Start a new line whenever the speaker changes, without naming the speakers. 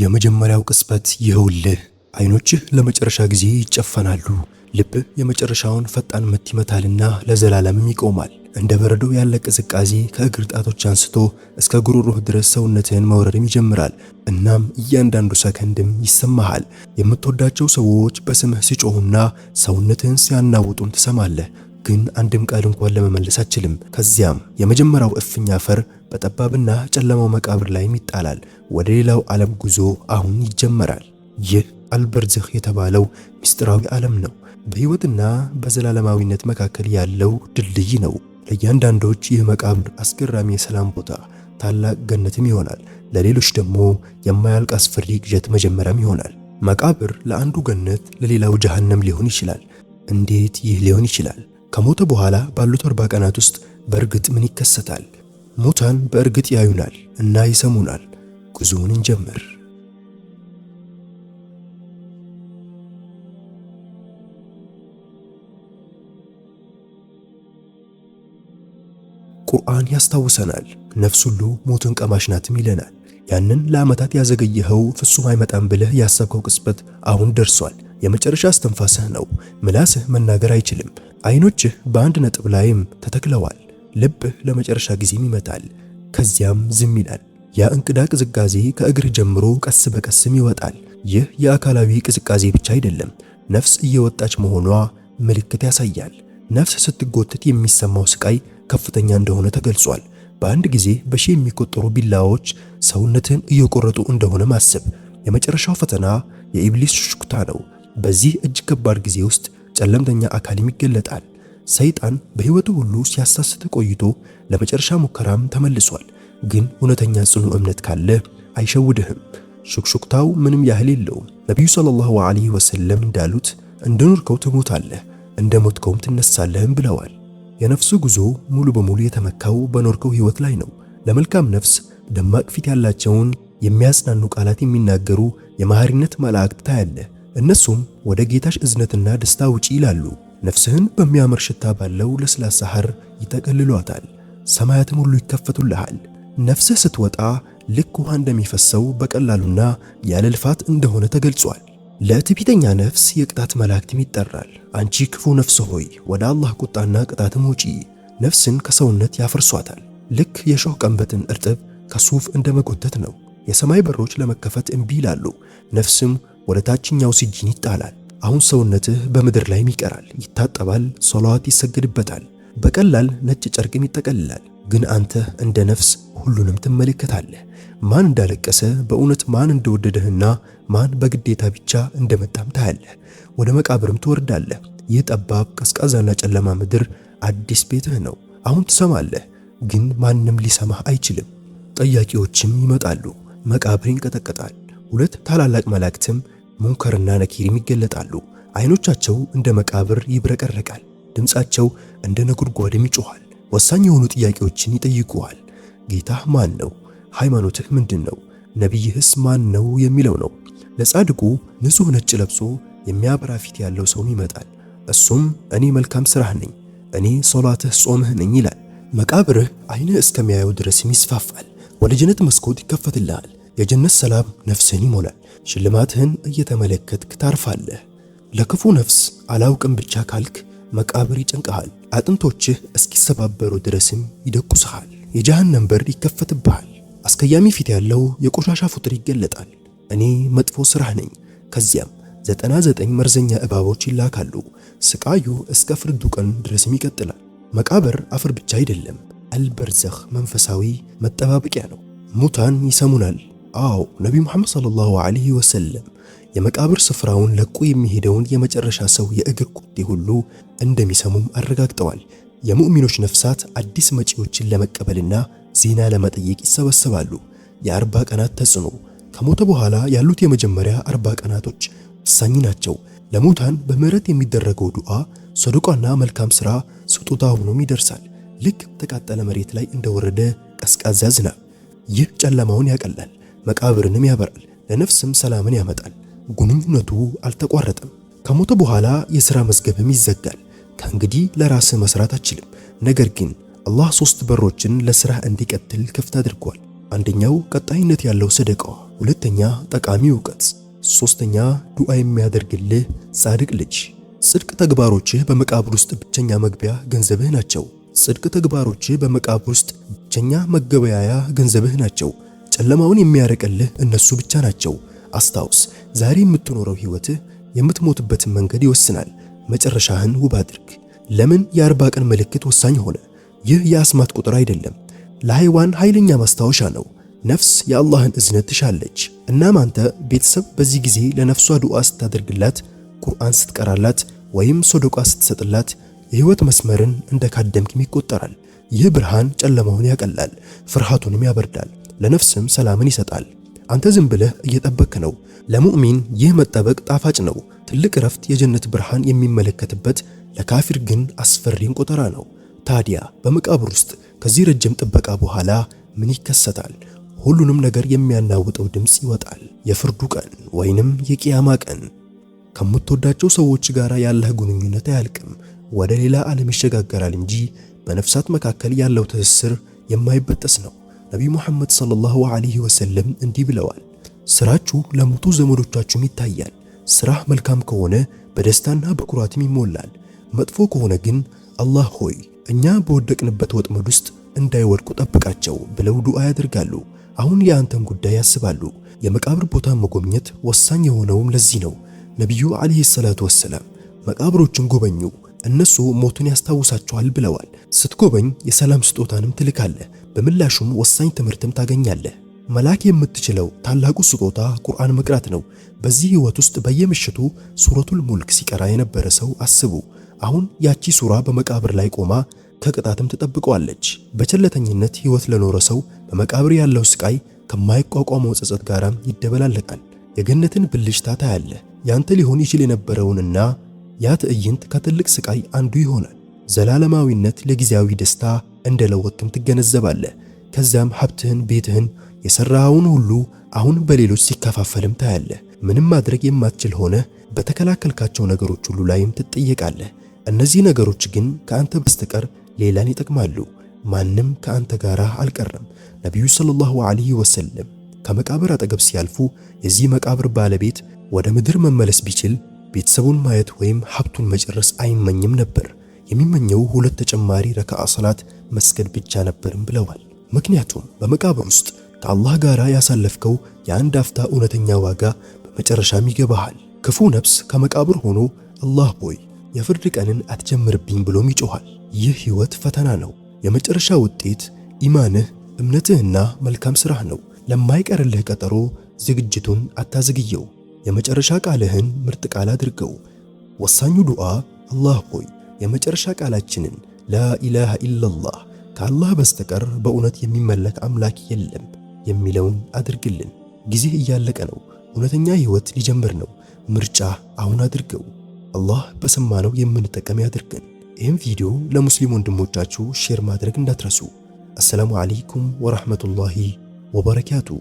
የመጀመሪያው ቅጽበት ይኸውልህ። አይኖችህ ለመጨረሻ ጊዜ ይጨፈናሉ። ልብህ የመጨረሻውን ፈጣን ምት ይመታልና ለዘላለምም ይቆማል። እንደ በረዶ ያለ ቅዝቃዜ ከእግር ጣቶች አንስቶ እስከ ጉሮሮህ ድረስ ሰውነትህን መውረድም ይጀምራል። እናም እያንዳንዱ ሰከንድም ይሰማሃል። የምትወዳቸው ሰዎች በስምህ ሲጮሁና ሰውነትህን ሲያናውጡም ትሰማለህ። ግን አንድም ቃል እንኳን ለመመለስ አችልም። ከዚያም የመጀመሪያው እፍኛ አፈር በጠባብና ጨለማው መቃብር ላይም ይጣላል። ወደ ሌላው ዓለም ጉዞ አሁን ይጀመራል። ይህ አልበርዝህ የተባለው ምስጢራዊ ዓለም ነው። በሕይወትና በዘላለማዊነት መካከል ያለው ድልድይ ነው። ለእያንዳንዶች ይህ መቃብር አስገራሚ የሰላም ቦታ፣ ታላቅ ገነትም ይሆናል። ለሌሎች ደግሞ የማያልቅ አስፈሪ ቅዠት መጀመሪያም ይሆናል። መቃብር ለአንዱ ገነት፣ ለሌላው ጀሃነም ሊሆን ይችላል። እንዴት ይህ ሊሆን ይችላል? ከሞተ በኋላ ባሉት አርባ ቀናት ውስጥ በእርግጥ ምን ይከሰታል? ሙታን በእርግጥ ያዩናል እና ይሰሙናል። ጉዞውን እንጀምር። ቁርአን ያስታውሰናል። ነፍስ ሁሉ ሞትን ቀማሽ ናትም ይለናል። ያንን ለዓመታት ያዘገየኸው ፍጹም አይመጣም ብለህ ያሰብከው ቅጽበት አሁን ደርሷል። የመጨረሻ እስትንፋስህ ነው። ምላስህ መናገር አይችልም። አይኖችህ በአንድ ነጥብ ላይም ተተክለዋል። ልብህ ለመጨረሻ ጊዜም ይመታል፣ ከዚያም ዝም ይላል። ያ እንቅዳ ቅዝቃዜ ከእግርህ ጀምሮ ቀስ በቀስም ይወጣል። ይህ የአካላዊ ቅዝቃዜ ብቻ አይደለም፣ ነፍስ እየወጣች መሆኗ ምልክት ያሳያል። ነፍስ ስትጎተት የሚሰማው ስቃይ ከፍተኛ እንደሆነ ተገልጿል። በአንድ ጊዜ በሺ የሚቆጠሩ ቢላዎች ሰውነትን እየቆረጡ እንደሆነ ማሰብ። የመጨረሻው ፈተና የኢብሊስ ሹክታ ነው። በዚህ እጅግ ከባድ ጊዜ ውስጥ ጨለምተኛ አካልም ይገለጣል። ሰይጣን በሕይወቱ ሁሉ ሲያሳስት ቆይቶ ለመጨረሻ ሙከራም ተመልሷል። ግን እውነተኛ ጽኑ እምነት ካለ አይሸውድህም። ሹክሹክታው ምንም ያህል የለውም። ነቢዩ ሰለላሁ ዐለይሂ ወሰለም እንዳሉት እንደኖርከው ትሞታለህ፣ እንደ ሞትከውም ትነሳለህም ብለዋል። የነፍሱ ጉዞ ሙሉ በሙሉ የተመካው በኖርከው ሕይወት ላይ ነው። ለመልካም ነፍስ ደማቅ ፊት ያላቸውን የሚያጽናኑ ቃላት የሚናገሩ የማህሪነት መላእክት ታያለህ። እነሱም ወደ ጌታሽ እዝነትና ደስታ ውጪ ይላሉ። ነፍስህን በሚያምር ሽታ ባለው ለስላሳ ሐር ይጠቀልሏታል። ሰማያትም ሁሉ ይከፈቱልሃል። ነፍስህ ስትወጣ ልክ ውሃ እንደሚፈሰው በቀላሉና ያለ ልፋት እንደሆነ ተገልጿል። ለትዕቢተኛ ነፍስ የቅጣት መላእክትም ይጠራል። አንቺ ክፉ ነፍስ ሆይ ወደ አላህ ቁጣና ቅጣትም ውጪ። ነፍስን ከሰውነት ያፈርሷታል። ልክ የሾህ ቀንበትን እርጥብ ከሱፍ እንደመጎተት ነው። የሰማይ በሮች ለመከፈት እምቢ ይላሉ። ነፍስም ወደ ታችኛው ሲጂን ይጣላል። አሁን ሰውነትህ በምድር ላይም ይቀራል፣ ይታጠባል፣ ሶላዋት ይሰግድበታል፣ በቀላል ነጭ ጨርቅም ይጠቀልላል። ግን አንተ እንደ ነፍስ ሁሉንም ትመለከታለህ። ማን እንዳለቀሰ በእውነት ማን እንደወደደህና ማን በግዴታ ብቻ እንደመጣም ታያለህ። ወደ መቃብርም ትወርዳለህ። ይህ ጠባብ ቀዝቃዛና ጨለማ ምድር አዲስ ቤትህ ነው። አሁን ትሰማለህ፣ ግን ማንም ሊሰማህ አይችልም። ጠያቂዎችም ይመጣሉ። መቃብር ይንቀጠቀጣል። ሁለት ታላላቅ መላእክትም ሙንከርና ነኪርም ይገለጣሉ። አይኖቻቸው እንደ መቃብር ይብረቀረቃል፣ ድምፃቸው እንደ ነጎድጓድም ይጮኋል። ወሳኝ የሆኑ ጥያቄዎችን ይጠይቁዋል። ጌታህ ማን ነው? ሃይማኖትህ ምንድን ነው? ነቢይህስ ማን ነው? የሚለው ነው። ለጻድቁ ንጹሕ ነጭ ለብሶ የሚያበራ ፊት ያለው ሰውም ይመጣል። እሱም እኔ መልካም ስራህ ነኝ፣ እኔ ሶላትህ፣ ጾምህ ነኝ ይላል። መቃብርህ አይንህ እስከሚያየው ድረስም ይስፋፋል። ወደ ጀነት መስኮት ይከፈትልሃል። የጀነት ሰላም ነፍስን ይሞላል። ሽልማትህን እየተመለከትክ ታርፋለህ። ለክፉ ነፍስ አላውቅም ብቻ ካልክ መቃብር ይጨንቀሃል። አጥንቶችህ እስኪሰባበሩ ድረስም ይደቁስሃል። የጀሃነም በር ይከፈትብሃል። አስከያሚ ፊት ያለው የቆሻሻ ፍጡር ይገለጣል። እኔ መጥፎ ስራህ ነኝ። ከዚያም ዘጠና ዘጠኝ መርዘኛ እባቦች ይላካሉ። ስቃዩ እስከ ፍርዱ ቀን ድረስም ይቀጥላል። መቃብር አፈር ብቻ አይደለም፣ አልበርዘኽ መንፈሳዊ መጠባበቂያ ነው። ሙታን ይሰሙናል፣ አዎ ነቢ ሙሐመድ ሰለላሁ ዐለይሂ ወሰለም የመቃብር ስፍራውን ለቆ የሚሄደውን የመጨረሻ ሰው የእግር ቁጤ ሁሉ እንደሚሰሙም አረጋግጠዋል። የሙእሚኖች ነፍሳት አዲስ መጪዎችን ለመቀበልና ዜና ለመጠየቅ ይሰበሰባሉ። የአርባ ቀናት ተጽዕኖ ከሞተ በኋላ ያሉት የመጀመሪያ አርባ ቀናቶች ወሳኝ ናቸው። ለሙታን በምህረት የሚደረገው ዱዓ፣ ሰደቃና መልካም ሥራ ስጦታ ሆኖም ይደርሳል። ልክ በተቃጠለ መሬት ላይ እንደወረደ ቀዝቃዛ ዝናብ ይህ ጨለማውን ያቀላል። መቃብርንም ያበራል፣ ለነፍስም ሰላምን ያመጣል። ግንኙነቱ አልተቋረጠም። ከሞተ በኋላ የሥራ መዝገብም ይዘጋል። ከእንግዲህ ለራስህ መስራት አችልም። ነገር ግን አላህ ሶስት በሮችን ለሥራህ እንዲቀጥል ክፍት አድርጓል። አንደኛው ቀጣይነት ያለው ሰደቃዋ፣ ሁለተኛ ጠቃሚ እውቀት፣ ሶስተኛ ዱዓ የሚያደርግልህ ጻድቅ ልጅ። ጽድቅ ተግባሮችህ በመቃብር ውስጥ ብቸኛ መግቢያ ገንዘብህ ናቸው። ጽድቅ ተግባሮችህ በመቃብር ውስጥ ብቸኛ መገበያያ ገንዘብህ ናቸው። ጨለማውን የሚያርቅልህ እነሱ ብቻ ናቸው። አስታውስ፣ ዛሬ የምትኖረው ህይወትህ የምትሞትበትን መንገድ ይወስናል። መጨረሻህን ውብ አድርግ። ለምን የአርባ ቀን ምልክት ወሳኝ ሆነ? ይህ የአስማት ቁጥር አይደለም፣ ለሃይዋን ኃይለኛ ማስታወሻ ነው። ነፍስ የአላህን እዝነት ትሻለች። እናም አንተ ቤተሰብ በዚህ ጊዜ ለነፍሷ ዱዓ ስታደርግላት፣ ቁርአን ስትቀራላት፣ ወይም ሶደቃ ስትሰጥላት የህይወት መስመርን እንደ ካደምክም ይቆጠራል። ይህ ብርሃን ጨለማውን ያቀላል፣ ፍርሃቱንም ያበርዳል። ለነፍስም ሰላምን ይሰጣል። አንተ ዝም ብለህ እየጠበክ ነው። ለሙእሚን ይህ መጠበቅ ጣፋጭ ነው፣ ትልቅ እረፍት፣ የጀነት ብርሃን የሚመለከትበት። ለካፊር ግን አስፈሪን ቆጠራ ነው። ታዲያ በመቃብር ውስጥ ከዚህ ረጅም ጥበቃ በኋላ ምን ይከሰታል? ሁሉንም ነገር የሚያናውጠው ድምፅ ይወጣል። የፍርዱ ቀን ወይንም የቂያማ ቀን። ከምትወዳቸው ሰዎች ጋር ያለህ ግንኙነት አያልቅም፣ ወደ ሌላ ዓለም ይሸጋገራል እንጂ በነፍሳት መካከል ያለው ትስስር የማይበጠስ ነው። ነቢዩ ሙሐመድ ሰለላሁ ዐለይሂ ወሰለም እንዲህ ብለዋል፣ ስራችሁ ለሞቱ ዘመዶቻችሁም ይታያል። ስራህ መልካም ከሆነ በደስታና በኩራትም ይሞላል። መጥፎ ከሆነ ግን አላህ ሆይ እኛ በወደቅንበት ወጥመድ ውስጥ እንዳይወድቁ ጠብቃቸው ብለው ዱዓ ያደርጋሉ። አሁን የአንተን ጉዳይ ያስባሉ። የመቃብር ቦታ መጎብኘት ወሳኝ የሆነውም ለዚህ ነው። ነቢዩ ዐለይሂ ሰላቱ ወሰላም መቃብሮችን ጎበኙ እነሱ ሞቱን ያስታውሳቸዋል ብለዋል። ስትጎበኝ የሰላም ስጦታንም ትልካለህ። በምላሹም ወሳኝ ትምህርትም ታገኛለህ። መላክ የምትችለው ታላቁ ስጦታ ቁርአን መቅራት ነው። በዚህ ህይወት ውስጥ በየምሽቱ ሱረቱል ሙልክ ሲቀራ የነበረ ሰው አስቡ። አሁን ያቺ ሱራ በመቃብር ላይ ቆማ ከቅጣትም ትጠብቀዋለች። በቸለተኝነት ህይወት ለኖረ ሰው በመቃብር ያለው ስቃይ ከማይቋቋመው ጸጸት ጋራም ይደበላለቃል። የገነትን ብልጭታ ታያለህ። ያንተ ሊሆን ይችል የነበረውንና ያ ትዕይንት ከትልቅ ስቃይ አንዱ ይሆናል። ዘላለማዊነት ለጊዜያዊ ደስታ ለወጥም ትገነዘባለህ። ከዚያም ሀብትህን፣ ቤትህን፣ የሰራኸውን ሁሉ አሁን በሌሎች ሲከፋፈልም ታያለህ። ምንም ማድረግ የማትችል ሆነ በተከላከልካቸው ነገሮች ሁሉ ላይም ትጠየቃለህ። እነዚህ ነገሮች ግን ከአንተ በስተቀር ሌላን ይጠቅማሉ። ማንም ከአንተ ጋር አልቀረም። ነቢዩ ሰለላሁ ዐለይሂ ወሰለም ከመቃብር አጠገብ ሲያልፉ የዚህ መቃብር ባለቤት ወደ ምድር መመለስ ቢችል ቤተሰቡን ማየት ወይም ሀብቱን መጨረስ አይመኝም ነበር። የሚመኘው ሁለት ተጨማሪ ረክዓ ሰላት መስገድ ብቻ ነበርም ብለዋል። ምክንያቱም በመቃብር ውስጥ ከአላህ ጋር ያሳለፍከው የአንድ አፍታ እውነተኛ ዋጋ በመጨረሻም ይገባሃል። ክፉ ነፍስ ከመቃብር ሆኖ አላህ ሆይ የፍርድ ቀንን አትጀምርብኝ ብሎም ይጮኋል። ይህ ሕይወት ፈተና ነው። የመጨረሻ ውጤት ኢማንህ፣ እምነትህና መልካም ሥራህ ነው። ለማይቀርልህ ቀጠሮ ዝግጅቱን አታዝግየው። የመጨረሻ ቃልህን ምርጥ ቃል አድርገው። ወሳኙ ዱዓ አላህ ሆይ የመጨረሻ ቃላችንን ላኢላሃ ኢላላህ ከአላህ በስተቀር በእውነት የሚመለክ አምላክ የለም የሚለውን አድርግልን። ጊዜህ እያለቀ ነው። እውነተኛ ህይወት ሊጀምር ነው። ምርጫ አሁን አድርገው። አላህ በሰማነው የምንጠቀም ያድርገን። ይህም ቪዲዮ ለሙስሊም ወንድሞቻችሁ ሼር ማድረግ እንዳትረሱ። አሰላሙ ዓለይኩም ወራህመቱላሂ ወበረካቱ